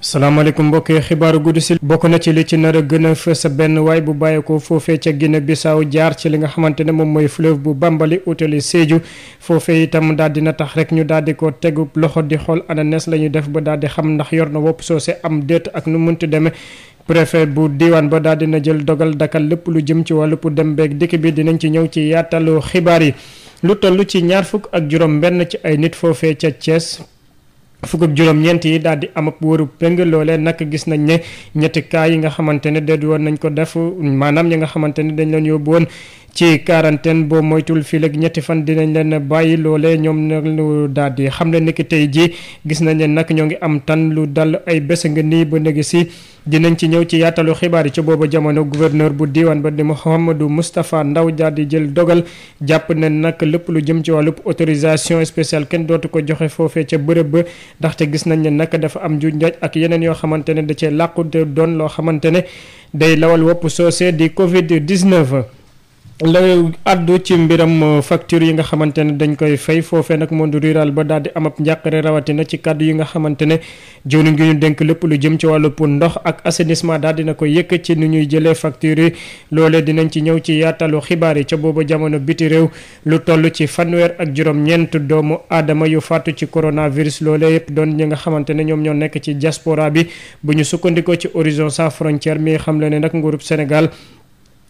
salaamaaleykum mbokki xibaaru guddi si bokk na ci li ci nar a gën a fës benn waay bu bàyyeekoo foofee ca Guinée Bissau jaar ci li nga xamante ne moom mooy fleuve bu Bambali utali Sédhiou foofee itam daal dina tax rek ñu daal di ko tegu loxo di xool ananes la ñuy def ba daal di xam ndax yor na wopp soose am déet ak nu munti demee préfet bu diwaan ba daal na jël dogal dakal lépp lu jëm ci wàllu pour dem beeg dikk bi dinañ ci ñëw ci yaatalu xibaar yi lu toll ci ñaar fukk ak juróom benn ci ay nit foofee ca Thiès fukk ak juróom-ñeent yi daal di am ab wóoru péng loolee nag gis nañ ne ñetti cas yi nga xamante ne déet woon nañ ko def maanaam ñi nga xamante ne dañ leen yóbbu woon ci quarantaine boo moytul fii léegi ñetti fan dinañ leen bàyyi loole ñoom nag lu daal di xam ne niki tey jii gis nañ ne nag ñoo ngi am tan lu dal ay bés nga nii ba léegi si dinañ ci ñëw ci yaatalu xibaar yi ca boobu jamono gouverneur bu diwaan ba di Mouhamadou Moustapha Ndaw daal di jël dogal jàpp ne nag lépp lu jëm ci wàllub autorisation spéciale kenn dootu ko joxe foofee ca bërëb ba ndaxte gis nañ ne nag dafa am ju njaaj ak yeneen yoo xamante ne da cee làqu doon loo xamante ne day lawal wopp soosee di Covid 19. la àddu ci mbiram euh, facture yi nga xamante ne dañ koy fay foofe nag monde rural ba daal di am ab njàqare rawatina ci kàddu yi nga xamante ne jëwriñ gi ñu dénk lépp lu jëm ci wàllu pour ndox ak assainissement daal dina ko yëkk ci ni ñuy jëlee facture yi loole dinañ ci ñëw ci yaatalu xibaar yi ca booba jamono biti réew lu toll ci fanweer ak juróom-ñeent doomu aadama yu faatu ci coronavirus loolee yëpp doon ñi nga xamante ne ñoom ñoo nekk ci diaspora bi bu ñu sukkandikoo ci Horizon Sans Frontières mi xam le ne nag nguurub Sénégal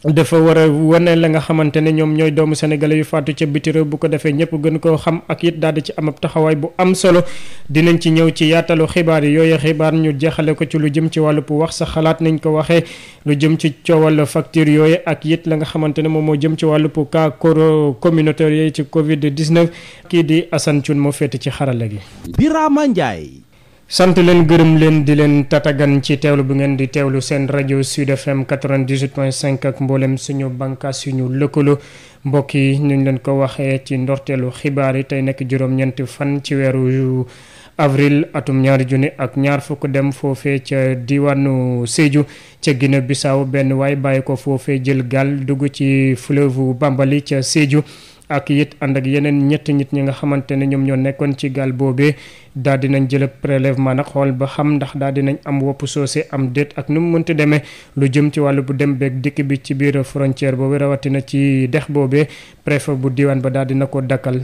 dafa war a wane la nga xamante ne ñoom ñooy doomu sénégalais yu faatu ca biti réew bu ko defee ñëpp gën koo xam ak yit daal di ci am ab taxawaay bu am solo dinañ ci ñëw ci yaatalu xibaar yi yooyu xibaar ñu jeexale ko ci lu jëm ci wàllu wax sa xalaat nañ ko waxee lu jëm ci coowal facture yooyu ak yit la nga xamante ne moom moo jëm ci wàllu cas coro communautaire yooyu ci Covid 19 kii di Assane Thioune moo féete ci xarala gi. Birama Ndiaye. sant leen gërëm leen di leen tatagan ci teewlu bu ngeen di teewlu seen rajo Sud FM 98.5 ak mboolem suñu bànqaas suñu lëkkaloo mbokk yi ñu leen ko waxee ci ndorteelu xibaar yi tey nekk juróom-ñeenti fan ci weeru avril atum ñaari junni ak ñaar fukk dem foofee ca diwaanu Sédhiou ca Guinée Bissau benn waay bàyyi ko foofee jël gaal dugg ci fleuve Bambali ca Sédhiou. ak it ànd ak yeneen ñetti nit ñi nga xamante ne ñoom ñoo nekkoon ci gaal boobee daal nañ jël prélèvement nag xool ba xam ndax daal dinañ am wopp soose am déet ak nu mu mënti demee lu jëm ci wàllu bu dem beeg dikk bi ci biir frontière boobu rawatina ci dex boobee préfet bu diwaan ba daal na ko dakkal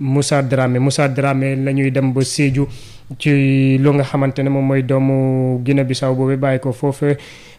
Moussa Dramé Moussa Dramé la ñuy dem ba Sédhiou ci lu nga xamante ne moom mooy doomu Guinée Bissau boobu bàyyi ko foofu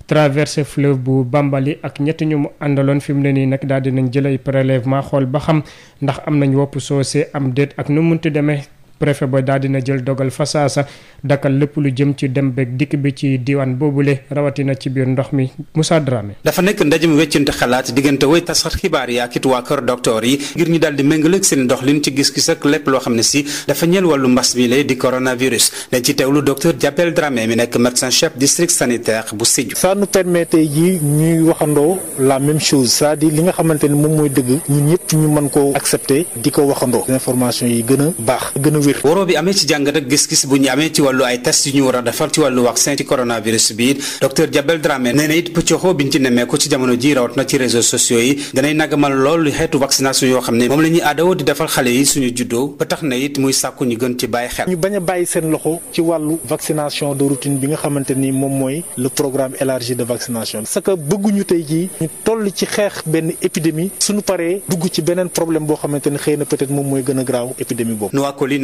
traverse fleuve bu Bambali ak ñett ñu mu àndaloon fi mu ne nii nag daal dinañ jël ay prélèvement xool ba xam ndax am nañ wopp soosee am déet ak nu mu munti demee. préfet ba daal dina jël dogal fa saasa dakkal lépp lu jëm ci dem beeg dikk bi ci diwaan boobule rawatina ci biir ndox mi Moussa Dramé. dafa nekk ndajum weccante xalaat diggante way tasar xibaar yi ak it waa kër docteur yi ngir ñu daal di méngaleeg seen doxalin ci gis-gis ak lépp loo xam ne si dafa ñeel wàllu mbas mi lay di coronavirus dañ ci teewlu docteur Diabel Dramé mi nekk médecin chef district sanitaire bu Sédhiou. ça nous permet ji ñuy waxandoo la même chose cest à li nga xamante ni moom mooy dëgg ñun mën koo accepter di ko waxandoo information a baax wér waroo bi amee ci jàngat ak gis-gis bu ñu amee ci wàllu ay test yu ñu war a defar ci wàllu vaccin ci coronavirus bi it docteur Diabel Dramé nee na bi ñu ci jamono ji rawat na ci réseaux sociaux yi danay nagamal loolu xeetu vaccination yoo xam ne moom la ñuy aadawoo di defal xale yi suñu juddoo ba tax na it muy sàkku ñu gën ci bàyyi xel. ñu bañ a bàyyi seen loxo ci wàllu vaccination de routine bi nga xamante ni moom mooy le programme élargi de vaccination parce que bëgguñu tey jii ñu toll ci xeex benn épidémie suñu paree dugg ci beneen problème boo xamante ni xëy na peut moom mooy gën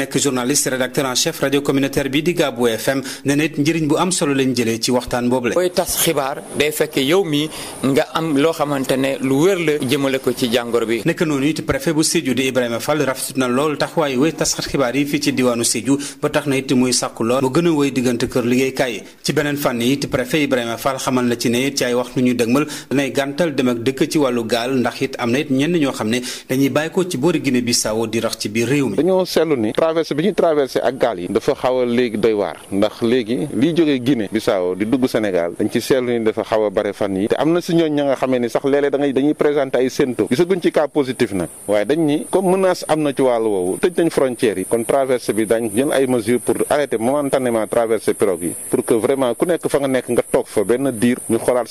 a nekk journaliste rédacteur en chef rajo communautaire bi di Gabou FM ne nit njëriñ bu am solo lañ jëlee ci waxtaan boobu la. booy tas xibaar day fekk yow mi nga am loo xamante ne lu wér la jëmale ko ci jàngoro bi. nekk noonu it préfet bu Sédhiou di Ibrahima Fall rafetut na lool taxawaayu wéy tasxat xibaar yi fii ci diwaanu Sédhiou ba tax na it muy sàkku lool mu gën a wéy diggante kër liggéeykaay yi ci beneen fànn it préfet Ibrahima Fall xamal la ci ne it ci ay waxtu ñu dëgmal danay gàntal dem ak dëkk ci wàllu gaal ndax it am na it ñenn ñoo xam ne dañuy bàyyi ko ci boori Guinée Bissau di rax ci biir réew mi traversé bi ñu traversé ak gaal yi dafa xaw a léegi doy waar ndax léegi liy jógee Guinée Bissau di dugg Sénégal dañ ci seetlu ni dafa xaw bare fan yi te am na si ñooñ ña nga xamee ni sax léeg-léeg da ngay dañuy présenté ay symptômes gisaguñ ci cas positif nag waaye dañ ni comme menace am na ci wàllu woowu tëj nañ frontières yi kon traversé bi dañ jël ay mesures pour arrêter momentanément traversé pirogue yi pour que vraiment ku nekk fa nga nekk nga toog fa benn diir ñu xoolaat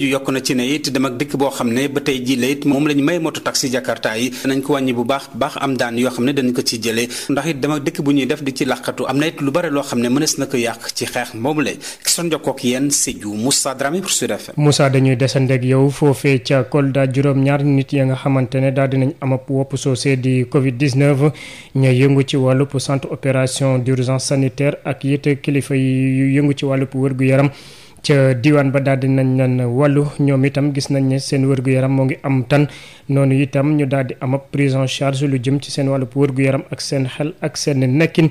yokk na ci ne it dem ak dëkk boo xam ne ba tey jii la it may moto taxi Jakarta yi nañ ko wàññi bu baax baax am daan yoo xam ne dañ ko ci jëlee ndax it dama dëkk bu ñuy def di ci làqatu am na it lu bare loo xam ne mënees na ko yàq ci xeex moomu la ki son yenn si Sédhiou Moussa Dramé pour Sud FM. dañuy desandeeg yow foofee ca Kolda juróom-ñaar nit ya nga xamante ne daal dinañ am ab wopp soosee di Covid 19 ña yëngu ci wàllub centre opération d' sanitaire ak it kilifa yi yëngu ci wàllub wér gu yaram. ca diwaan ba daal di nañ leen wàllu ñoom itam gis nañ ne seen wërgu-yaram mu ngi am tan noonu itam ñu daal di am ab prise en charge lu jëm ci seen wàllu wërgu-yaram ak seen xel ak seen nekkin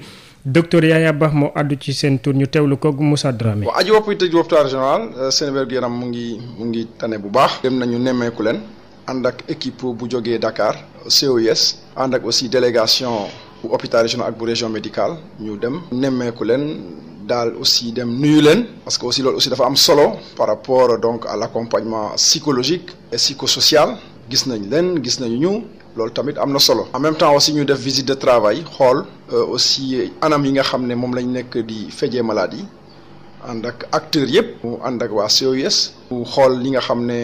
docteur Yaya baax moo àddu ci seen tur ñu teewlu ko Moussa Dramé. waaw aji wopp yi tëj hôpital général euh, seen wërgu-yaram mu ngi mu ngi tane bu baax. dem nañu nemmeeku leen ànd ak équipe bu jógee Dakar COIS ànd ak aussi délégation bu ak bu région médicale nemmeeku leen. daal aussi dem nuyu leen parce que aussi loolu aussi dafa am solo par rapport donc à l'accompagnement psychologique et psychosocial gis nañ leen gis nañu ñu loolu tamit am na solo en même temps aussi ñu def visite de travail xool euh, aussi anam yi nga xam ne moom lañu nekk di fejee malade yi ànd ak acteurs yëpp mu ànd ak waa COUS mu xool li nga xam ne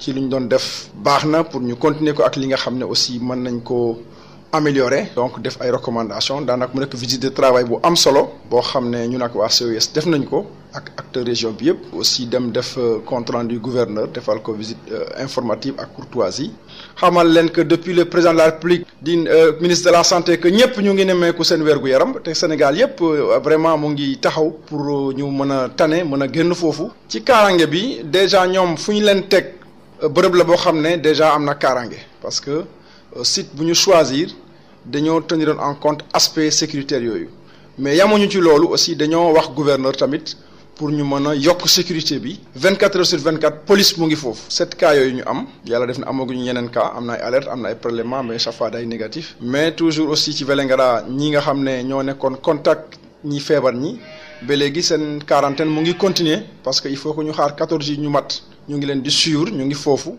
ci lu ñu doon def baax na pour ñu continuer ko ak li nga xam ne aussi mën nañ ko amélioré donc def ay recommandation daanaka mu nekk visite de travail bu am solo boo xam ne ñu nag waa CES def nañ ko ak acteur région bi yëpp aussi dem def euh, contrant rendu gouverneur defal ko visite euh, informative ak courtoisie xamal leen que depuis le président de la République di euh, ministre de la santé que ñëpp ñu ngi nemmeeku seen wérgu yaram te Sénégal yëpp vraiment mu ngi taxaw pour ñu mën a tane mën a génn foofu ci kaarange bi déjà ñoom fu ñu leen teg bërëb la boo xam ne déjà am na kaarange parce que site bu ñu choisir dañoo tenir en compte aspect sécuritaire yooyu mais yamuñu ci loolu aussi dañoo wax gouverneur tamit pour ñu mën a yokk sécurité bi 24 heures sur 24 police mu ngi foofu. sept cas yooyu ñu am yàlla def na amaguñu yeneen cas am na ay alerte am na ay problème mais chaque fois day négatif. mais toujours aussi ci Vélingara ñi nga xam ne ñoo nekkoon contact ñi feebar ñi ba léegi seen quarantaine mu ngi continuer parce que il faut ñu xaar 14 jours ñu mat ñu ngi leen di suivre ñu ngi foofu.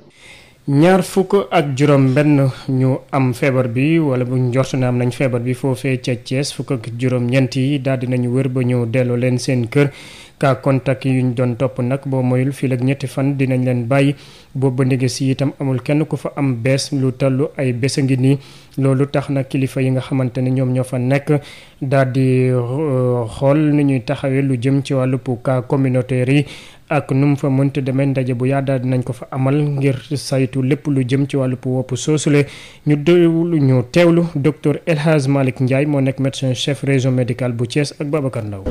ñaar fukk ak juróom benn ñu am feebar bi wala bu njort na am nañu feebar bi foofee ca Thiès fukk ak juróom ñeent yi daal dinañu wër ba ñu delloo leen seen kër ka contact yu ñu doon topp nag boo moyul fii ak ñetti fan dinañ leen bàyyi boobu ba si itam amul kenn ku fa am bees lu tallu ay bés a ngi nii loolu tax na kilifa yi nga xamante ne ñoom ñoo fa nekk daal di euh, xool nu ñuy taxawee lu jëm ci wàllu cas communautaire yi. ak nu mu fa mënti demee ndaje bu yaadaal nañ ko fa amal ngir saytu lépp lu jëm ci wàllu wopp soosule ñu déglu ñu teewlu docteur El Hadj Malick Ndiaye moo nekk médecin chef région médicale bu Thiès ak Babacar Ndao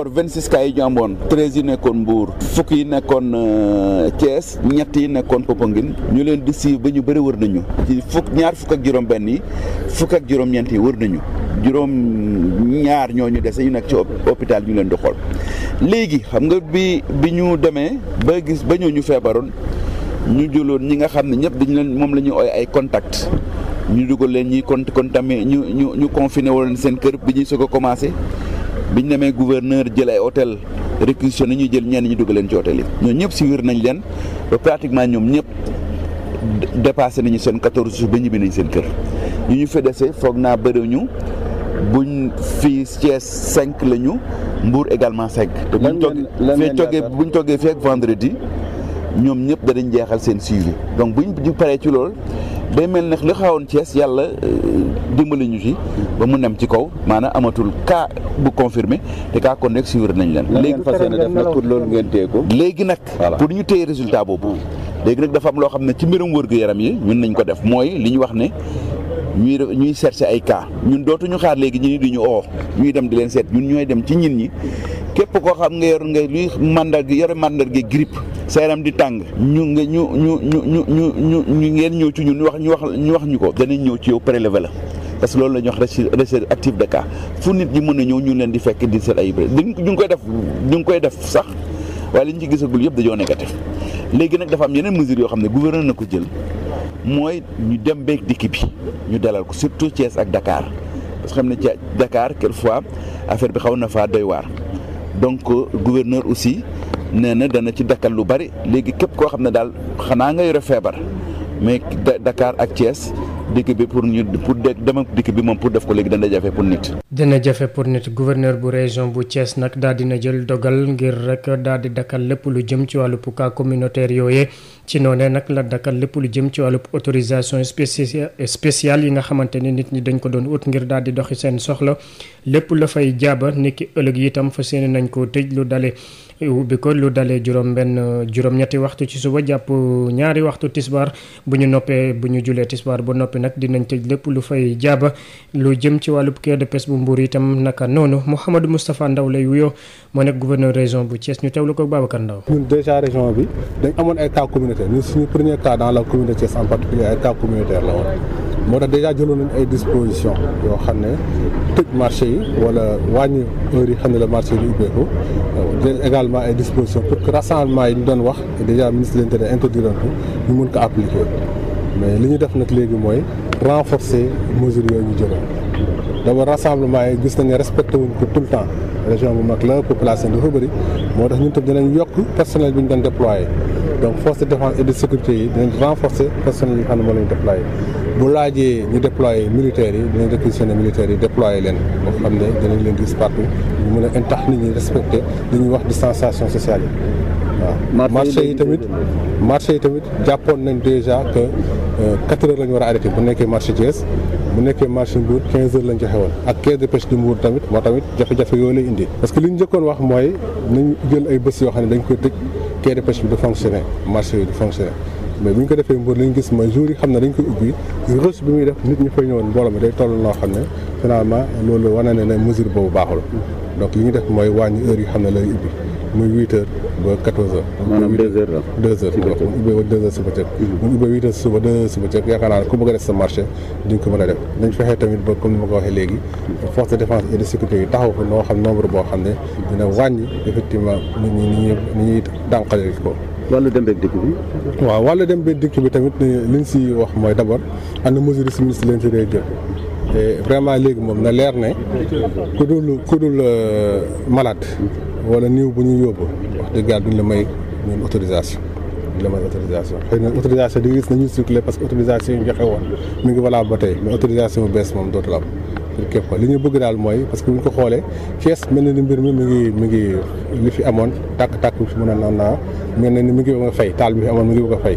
encore vingt six cas yi ñu amoon treize yi nekkoon Mbour fukk yi nekkoon euh, Thiès ñett yi nekkoon Popenguine ñu leen di siiw ba ñu bëri wër nañu ci fukk ñaar fukk ak juróom-benn yi fukk ak juróom-ñeent yi wër nañu juróom ñaar ñoo ñu dese ñu nekk ci hôpital ñu leen di xool léegi xam nga bi bi ñu demee ba gis ba ñoo ñu feebaroon ñu jëloon ñi nga xam ne ñëpp dañu leen moom la ñuy ooy ay contact ñu dugal leen ñuy kon contaminé ñu ñu ñu confiné woon seen kër bi ñuy soog commencé. biñ demee gouverneur jël ay hôtel réquisitionné ñu jël ñenn ñu dugal leen ci hôtel yi ñoo ñëpp si wér nañ leen ba pratiquement ñoom ñëpp dépassé nañu seen 14 jours ba ñibbi nañ seen kër ñu ñu fa dese foog naa bëri ñu buñ fii Thiès 5 la ñu Mbour également 5. te buñ toggee fee toggee buñ toggee fii ak vendredi ñoom ñëpp danañ jeexal seen suivi donc buñ paree ci lool day mel ne li xawoon Thiès yàlla euh, dimbali ñu ci ba mu nem ci kaw maanaam amatul kaa bu confirmé te cas connexe suivre nañ leen. léegi fas yéene def nag pour loolu ngeen téye ko. léegi nag. pour ñu téye résultat boobu. léegi nag dafa am loo xam ne ci mbirum wërgu yaram yi ñun nañ ko def mooy li ñu wax ne. ñuy ñuy chercher ay kaa ñun dootuñu xaar léegi ñi di ñu oo ñuy dem di leen seet ñun ñooy dem ci ñin ñi képp koo xam nga yor nga luy mandar gi yore màndar gi grippe sa yaram di tàng ñu nga ñu ñu ñu ñu ñu ñu ñu ngeen ñëw ci ñun wax ñu wax ñu wax ñu ko danañ ñëw ci yow prélevé la parce que loolu la ñuy wax recherche active de cas fu nit ñi mën a ñëw ñu leen di fekk di seet ay ñu ngi koy def ñu ngi koy def sax waaye li ñu ci gisagul yëpp dañoo négatif léegi nag dafa yeneen mesures yoo xam ne gouvernement na ko jël mooy ñu dem beeg dikk bi ñu dalal ko surtout Thiès ak dakaar parce que xam ne quel fois affaire bi xaw na faa doy waar donc euh, gouverneur aussi nee na dana ci dakkal lu bari léegi képp koo xam ne daal xanaa nga yore feebar mais Dakar ak Thiès dikk bi pour ñu pour dem ak dikk bi moom pour def ko léegi dana jafe pour nit. dina jafe pour nit gouverneur bu région bu Thiès nag daal dina jël dogal ngir rek daal di dakkal lépp lu jëm ci wàllu cas communautaire yooyee. ci noonee nag la dakkal lépp lu jëm ci wàllub autorisation spéciale yi nga xamante ni nit ñi dañ ko doon wut ngir daal di doxi seen soxla lépp la fay jaaba nikki ëllëg itam fa yéene nañ ko tëj lu dale bi ko lu dalee juróom benn juróom-ñetti waxtu ci suba jàpp ñaari waxtu tisbaar bu ñu noppee bu ñu julee tisbaar ba noppi nag dinañ tëj lépp lu fay jaaba lu jëm ci wàllu quai de pêche bu Mbour itam naka noonu Mouhamadou Moustapha Ndaw lay wuyo moo nekk gouverneur région bu Thiès ñu teewlu ko Babacar Ndaw ñun déjà région bi dañ amoon ay cas communautaire ñun suñu premier cas dans la communauté Thiès la woon moo tax dèjà jëloo nañ ay disposition yoo xam ne tëj marché yi wala wàññi heure yi xam ne la marché yi ubbeeku euh, jël également ay disposition pour que rassemblement yi ñu doon wax dèjà ministre de l'intérieur interdire ko ko appliquer mais li ñu def nag léegi mooy renforcer mesures yooyu ñu jëloon d'abord rassemblement yi gis na ne respecté wuñ ko tout le temps région bu mag la population dafa bëri moo tax ñu tam dinañ yokk personnel bi ñu doon déployé donc force de défense et de yi dinañ renforcer personnel yi nga xam ne bu laajee ñu déployer militaires yi dinañ réquisitionner militaires yi déployer leen moo xam ne dinañ leen gis partout ñu mën a intax nit ñi respecté li ñuy wax distanciation sociale yi waaw marché yi tamit marché yi tamit jàppoon nañ déjà que euh, quatre heures la ñu war a arrêté bu nekkee marché Thiès bu nekkee marché Mbour 15 heures lañ joxe woon ak quai de pêche de Mbour tamit moo tamit jafe-jafe yooyu lay indi parce que li ñu njëkkoon wax mooy nañ jël ay bés yoo xam ne dañ koy tëj quai de pêche bi du fonctionner marché yi du mais bu ñu ko defee mbir li ñu gis mooy jour yi xam ne dañ ko ubbi rush bi muy def nit ñu fay ñëwoon mbooloo mi day toll loo xam ne finalement loolu wane na ne mesure boobu baaxul. donc li ñu def mooy wàññi heure yi xam ne lay ubbi muy huit heures ba quatorze heures. maanaam deux heures la deux heures. suba ubbee ba deux heures suba ceeb. Mhm. mu ubbee huit heures suba deux heures suba ceeb yaakaar naa ku bëgg a def sa marché duñ ko mën a def dañ fexe tamit ba comme ni ma ko waxee léegi force de défense et de sécurité yi taxaw fa noo xam nombre boo xam ne dina wàññi effectivement nit ñi ni ñuy dànqale ko. wàllu dem beeg dikk bi. waaw wàllu dem beeg dikk bi tamit li ñu si wax mooy d' abord am na mesure si ministre de l' intérieur jël te vraiment léegi moom na leer ne ku dul ku dul euh, malade wala néew bu ñu yóbbu wax dëgg yàlla duñ la may ñun autorisation. la may autorisation xëy na autorisation di gis nañu circulé parce que autorisation yi ñu joxe woon mi ngi valable ba tey mais autorisation bu bees moom dootul am. képp ko li ñu bëgg daal mooy parce que bu ñu ko xoolee cees mel na ni mbir mi mi ngi mi ngi li fi amoon tàkk-tàkk bi fi mën a naan naa mel na ni mi ngi bëgg a fay taal bi fi amoon mi ngi bëgg a fay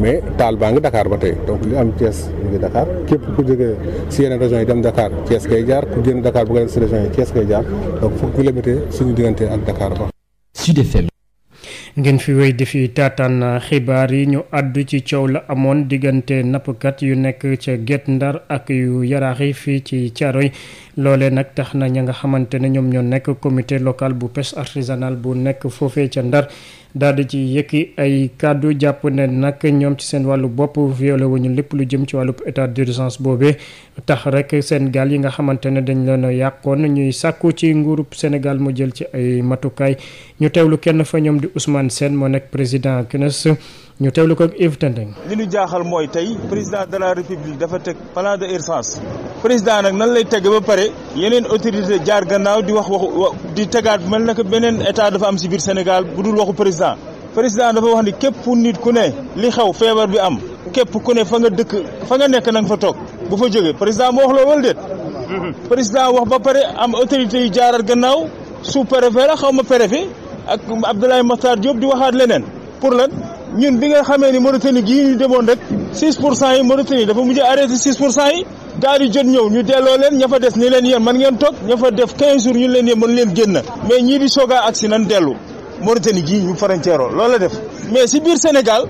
mais taal baa ngi dakaar ba tey donc li am cees mi ngi Dakar képp ku jege si yeneen régions yi dem Dakar Thiès kay jaar ku génn Dakar bu nga dem si régions yi Thiès kay jaar donc foog ñu suñu diggante ak Dakar ba ngeen fi wéy di fi taataan xibaar yi ñu àddu ci coow la amoon diggante nappkat yu nekk ca Guet Ndar ak yu yaraax yi fii ci Caaroy loolee nag tax na ña nga xamante ne ñoom ñoo nekk comité local bu pêche artisanale bu nekk foofee ca Ndar daal ci yëkki ay kàddu jàpp ne nag ñoom ci seen wàllu bopp violé wuñu lépp lu jëm ci wàllu état d'urgence boobee tax rek seen gaal yi nga xamante ne dañ leen a yàqoon ñuy sàkku ci nguurub Sénégal mu jël ci ay matukaay ñu teewlu kenn fa ñoom di Ousmane Sène moo nekk président CNES ñu teewlu ko ak li ñu jaaxal mooy tey président de la pare yeneen autorité jaar gannaaw di wax waxu di tegaat mel na que beneen état dafa am si biir Sénégal bu dul waxu président président dafa wax ni képp nit ku ne li xew feebar bi am képp ku ne fa nga dëkk fa nga nekk na fa toog bu fa jógee président moo wax la wala déet président wax ba pare am autorité yu jaaral gannaaw su préfet la xaw ma préfet ak Abdoulaye Makhtar Diop di waxaat leneen pour lan ñun bi nga xamee ni Mauritanie gii ni demoon rek 6 pour cent yi Mauritanie dafa pour cent yi daal di jot ñëw ñu delloo leen ña fa des ni leen yéen man ngeen toog ña fa def 15 jours ñu leen yéen mën leen génn mais ñii di soog a agsi nan dellu Mauritanie gii ñu frontière loolu la def mais si biir Sénégal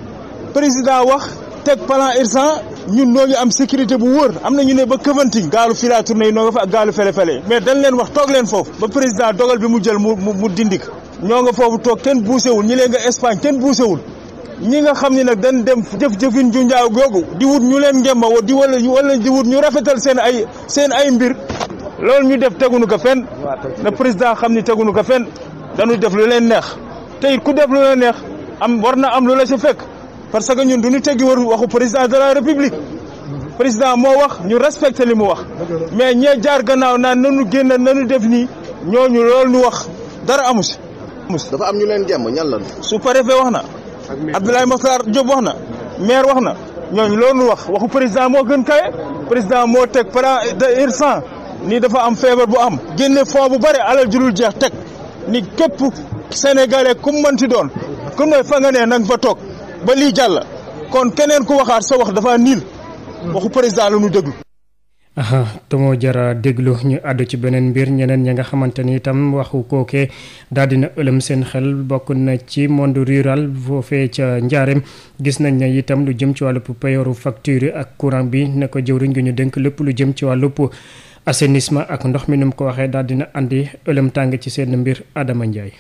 président wax teg plan urgent ñun noo ngi am sécurité bu wóor am na ñu ne ba Kafountine gaalu fii laa tourné yi noo nga fa ak gaalu fele-fele mais dañ leen wax toog leen foofu ba président dogal bi mu jël mu mu dindik ñoo nga foofu toog kenn buusewul ñi leen nga Espagne kenn buusewul ñi nga xam ni nag dañ dem jëf-jëfin ju njaaw googu di wut ñu leen ngemma di wala wala di wut ñu rafetal seen ay seen ay mbir loolu ñu def tegunu ko fenn na président xam ni tegunu ko fenn dañu def lu leen neex te ku def lu leen neex am war na am lu la si fekk parce que ñun du ñu teggi war waxu président de la république président moo wax ñu respecté li mu wax mais ñee jaar gannaaw naan nanu génn nanu def nii ñooñu lool ñu wax dara amu si dafa am ñu leen jàmm ñan wax na Abdoulaye Makhtar Diop wax na maire wax na lool loolu wax waxu président moo gën kawe président moo teg plan d'urgence ni dafa am feebar bu am génne fond bu bëri alal jurul jeex teg ni képp sénégalais ku mënti doon ku ne fa nga ne na nga fa toog ba lii jàll kon keneen ku waxaat soo wax dafa niil waxu président la ñu déglu tomo jara déglu ñu àddu ci beneen mbir ñeneen ña nga xamante ni itam waxu kooke daal na ëlëm seen xel bokk na ci monde rural foofee ca njaareem gis nañ ne itam lu jëm ci wàllub payoru facture ak courant bi na ko jëwriñ gi ñu dénk lépp lu jëm ci wàllub assainissement ak ndox mi nu ko waxee daal na indi ëlëm tàng ci seen mbir Adama Ndiaye.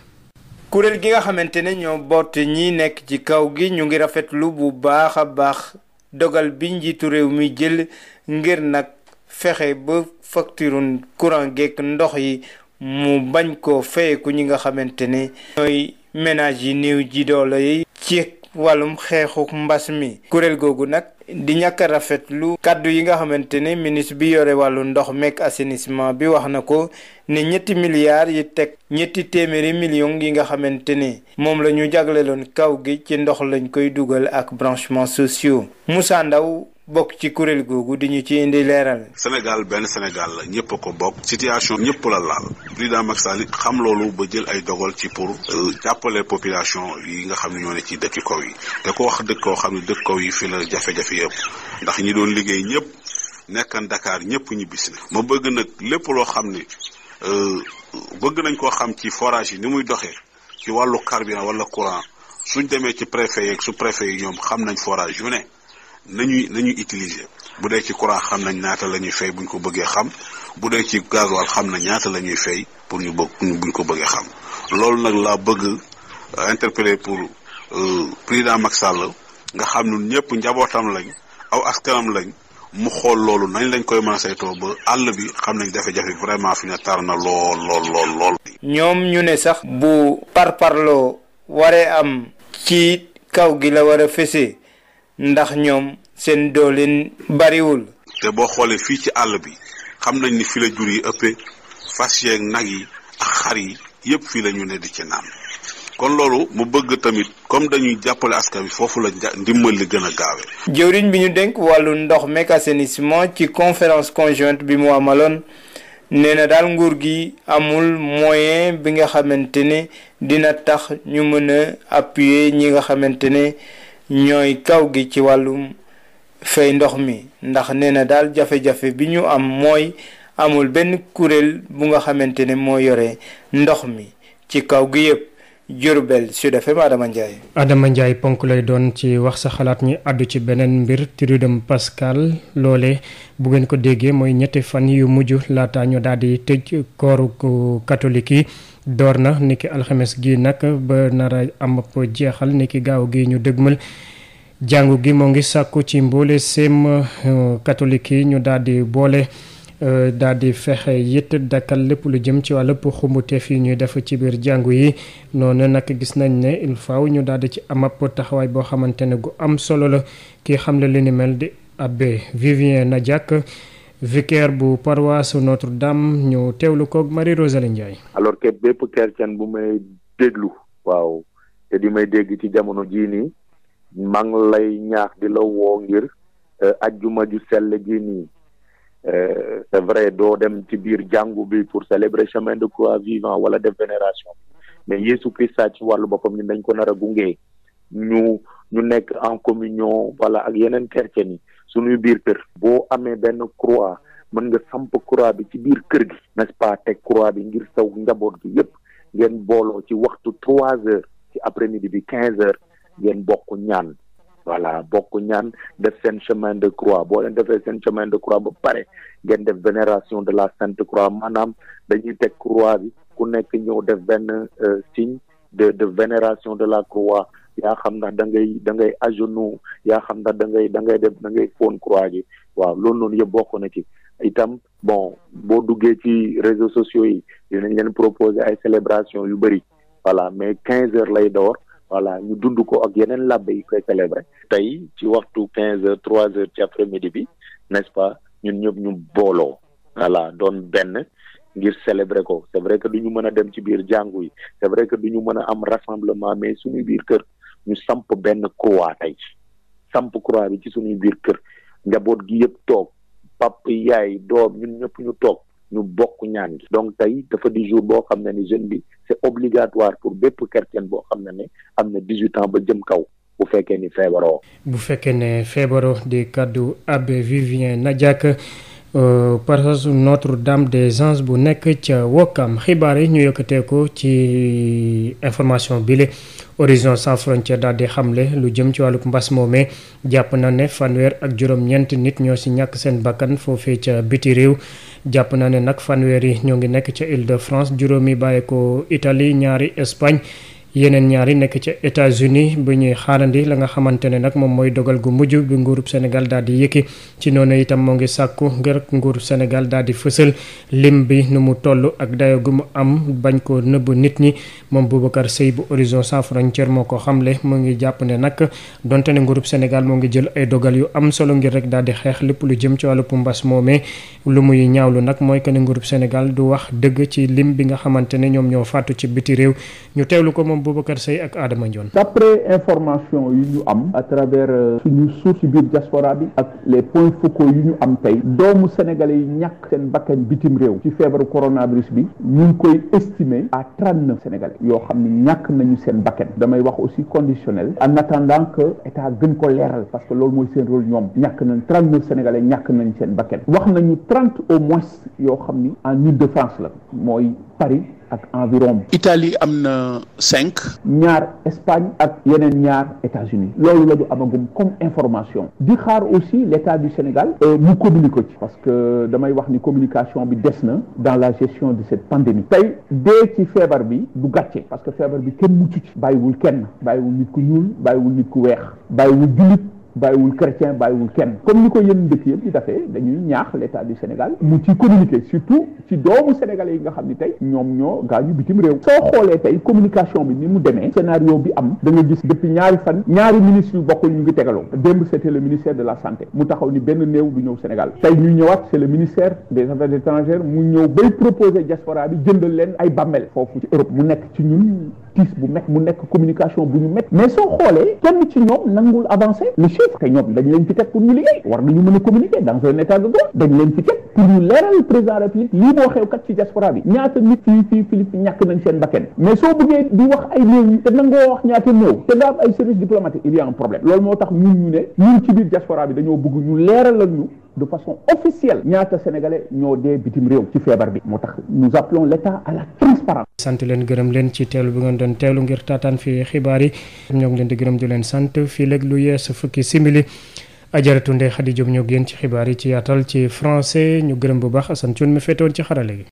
kuréel gi nga xamante ñoo boot ñi nekk ci kaw gi ñu ngi rafet lu bu baax a baax dogal bi njiitu réew mi jël ngir nag fexe ba facture courant geek ndox yi mu bañ koo fayeku ñi nga xamante ni ñooy ménage yi néew ji doole yi ci wàllum xeexu mbas mi kuréel googu nag di ñàkk a rafetlu kàddu yi nga xamante ne ministre bi yore wàllu ndox meek assainissement bi wax na ko ne ñetti milliards yi teg ñetti téeméeri millions yi nga xamante ni moom la ñu jagleloon kaw gi ci ndox lañ koy dugal ak branchement sociaux Moussa Ndaw bokk ci kuréel googu di ñu ci indi leeral. Sénégal benn Sénégal la ñëpp a ko bokk situation ñëpp la laal président Macky Sall xam loolu ba jël ay dogal ci pour euh, jàppale population yi nga xam ne ñoo ne ci dëkk kaw yi te ko wax dëkk koo xam ne dëkk kaw yi fi la jafe-jafe yëpp ndax ñi doon liggéey ñëpp nekkan ndakaar ñëpp ñibbisi na ma bëgg nag lépp loo xam ne euh, bëgg nañ ko xam ci forage yi ni muy doxee ci wàllu carburant wala courant suñ demee ci préfet yeeg sous préfet xam nañ forage yu ne. nañuy nañuy utiliser bu dee ci courant xam nañ ñaata la ñuy fay buñ ko bëggee xam bu dee ci gasoil xam na ñaata la ñuy fay pour ñu bëgg buñ ko bëggee xam loolu nag laa bëgg euh, interpeller pour euh, président Macky nga xam nun ñëpp njabootam lañ aw askanam lañ mu xool loolu nañ lañ koy mën a ba àll bi xam nañ jafe-jafe vraiment fi na tar na lool lool lool lool. ñoom ñu ne sax bu par parparloo waree am ci kaw gi la war a ndax ñoom seen doolin bariwul. te boo xoolee fii ci àll bi xam nañ ni file la jur yi ëppee fas yeeg nag yi ak xar yi yëpp fii la ñu ne di ci naan kon loolu mu bëgg tamit comme dañuy jàppale askan bi foofu la ndimbal li gën a gaawee. jëwriñ bi ñu dénk wàllu ndox meek assainissement ci conférence conjointe bi mu amaloon nee na daal nguur gi amul moyen bi nga xamante ne dina tax ñu mën a appuyer ñi nga xamante ne. ñooy kaw gi ci wàllum fay ndox mi ndax nee na daal jafe-jafe bi ñu am mooy amul benn kuréel bu nga xamante ne moo yore ndox mi ci kaw gi yépp Diourbel Sud FM Adama Ndiaye. ponk lay doon ci wax sa xalaat ñi àddu ci beneen mbir Tridem Pascal loole bu ngeen ko déggee mooy ñetti fan yu mujj laata ñu daal di tëj kooru katolik yi door na niki alxemes gi nag ba nar a am jeexal niki gaaw gi ñu dëgmal. jàngu gi moo ngi sàkku ci mboole sem katolik euh, yi ñu daal di boole. Euh, daal di fexe it dakkal lépp lu jëm ci wàllub xumuteef yi ñuy def ci biir jàngu yi noonu nag gis nañ ne il faut ñu daal di ci amab taxawaay boo xamante ne gu am solo la ki xam ne li ni mel di abbé Vivien Nadiak vicaire bu paroisse Notre-Dame ñu teewlu koog Marie Rosalie Ndiaye. alors que bépp chrétien bu may déglu. waaw te di may dégg ci jamono ji nii maa ngi lay ñaax di la woo ngir euh, ajjuma ju sell jii nii. Euh, c'est vrai doo dem ci biir jàngu bi pour célébrer chemin de croix vivant wala def vénération mais Yesu Christa ci wàllu boppam ni dañ ko nar a gunge ñu ñu nekk en communion wala ak yeneen chrétien yi suñuy biir kër boo amee benn croix mën nga samp croix bi ci biir kër gi n'est-ce pas teg croix bi ngir saw njaboot gi yépp ngeen booloo ci waxtu trois heures ci après-midi bi quinze heures ngeen bokk ñaan voilà bokk ñaan def seen chemin de croix boo leen defee seen chemin de croix ba pare ngeen def vénération de la sainte croix maanaam dañuy teg croix bi ku nekk ñëw def benn euh, signe de def vénération de la croix yaa xam ndax da ngay da ngay à yaa xam ndax da ngay da ngay def da ngay fóon croix ji waaw loolu noonu yëpp bokk na ci itam bon boo duggee ci réseaux sociaux yi dinañ leen proposer ay célébration yu bëri voilà mais quinze heures lay door voilà ñu dund ko ak yeneen làbbe yi koy célébrer tey ci waxtu quinze heures trois heures ci après-midi bi n'est-ce pas ñun ñëpp ñu booloo voilà doon benn ngir célébrer ko c'est vrai que du ñu mën a dem ci biir jàngu yi c'est vrai que du ñu mën a am rassemblement mais suñu biir kër ñu samp benn croix tey samp croix bi ci suñuy biir kër njaboot gi yëpp toog pap yaay doom ñun ñëpp ñu toog ñu bokk ñaan gi donc tey dafa di jour boo xam ne ni jeune bi c'est obligatoire pour bépp chrétien boo xam ne ne am na dix-huit ans ba jëm kaw bu fekkee ni feebaroo. bu fekkee ne feebaroo di kaddu abbé Vivien Nadiak euh, paroisse Notre-Dame de Anges bu nekk ca Wokam xibaar yi ñu yëkkatee ko ci information bile Horizon Sans Frontières daal di xamle lu jëm ci wàllu mbas moomee jàpp na ne fanweer ak juróom-ñeent nit ñoo ci ñàkk seen bakkan foofee ca biti réew. jàpp naa ne nag fanweer yi ñoo ngi nekk ca Île de France juróomi bàyyeekoo itali ñaari Espagne. yeneen ñaari nekk ca États-Unis ñuy xaarandi la nga xamante ne nag moom mooy dogal gu mujj bi nguurub Sénégal daal di yëkki ci noonu itam moo ngi sàkku ngir nguurub Sénégal daal di fësal lim bi nu mu toll ak dayo gu mu am bañ ko nëbb nit ñi moom Boubacar Sèye bu Horizon Sans Frontières moo ko xamle mu ngi jàpp ne nag donte ne nguurub Sénégal moo ngi jël ay dogal yu am solo ngir rek daal di xeex lépp lu jëm ci wàllu mbas moomee lu muy ñaawlu nag mooy que ne nguurub Sénégal du wax dëgg ci lim bi nga xamante ne ñoom ñoo fàttu ci biti réew ñoom Boubacar Seye ak Adama Ndione. d'après information yu ñu am a travers euh, suñu suuf ci biir diaspora bi ak les points focaux yu ñu am tey doomu sénégale yi ñàkk seen bakkan bitim réew ci feebaru coronavirus bi ñu ngi koy estimer à trente neuf sénégalais yoo xam ne ñàkk nañu seen bakkan damay wax aussi conditionnel en attendant que état gën ko leeral parce que loolu mooy seen rôle ñoom ñàkk nañ trente neuf sénégalais ñàkk nañ seen bakkan wax nañu trente au moins yoo xam ni en Île-de-France la mooy Paris. ak environ Italie am na cinq. ñaar Espagne ak yeneen ñaar États-Unis loolu la ñu amagum comme information di xaar aussi l'État du Sénégal euh, mu communique ci parce que damay wax ni communication bi des na dans la gestion de cette pandémie tey dee ci feebar bi du gàcce parce que feebar bi kenn mucc ci bàyyiwul kenn bàyyiwul nit ku ñuul bàyyiwul nit ku weex bàyyiwul jullit bàyyiwul chrétien bàyyiwul kenn comme ni ko yéen dëkk yëpp di defee dañuy ñaax l' état du Sénégal mu ci communiquer surtout ci doomu sénégalais yi nga xam ni tey ñoom ñoo gaa gaañu bitim réew soo xoolee tey communication bi ni mu demee scénario bi am da gis depuis ñaari fan ñaari ministres yu bokkul ñu ngi tegaloo démb c' était le ministère de la santé mu taxaw ni benn néew du ñëw Sénégal tey ñu ñëwaat c' le ministère des affaires étrangères mu ñëw bay proposer leen ay bàmmeel foofu ci Europe mu nekk ci ñun tiis bu nekk mu nekk communication bu ñu métti mais soo xoolee kenn ci ñoom nangul avancé le chiffre que ñoom dañ leen fi pour ñu liggéey war nañu mën a communiquer dans un état de droit dañ leen fi pour ñu leeral président république lii moo xew kat ci diaspora bi ñaata nit fii fii Philippe ñàkk nañ seen bakken mais soo bëggee di wax ay néew te nangoo wax ñaata néew te daa ay service diplomatique il y un problème loolu moo tax ñun ñu ne ñun ci biir diaspora de façon officielle ñaata sénégalais ñoo dee bitim réew ci feebar bi moo tax nous appelons l'état à la transparence sant leen gërëm leen ci teelu bi ngeen doon teelu ngir taataan fi xibaar yi ñoo ngi leen di gërëm ju leen sant fi léeg lu yees fukki simili ajaratu Ndeye Khady Diop ñoo génn ci xibaar yi ci yaatal ci français ñu gërëm bu baax Assane Thioune mi féetewoon ci xarale gi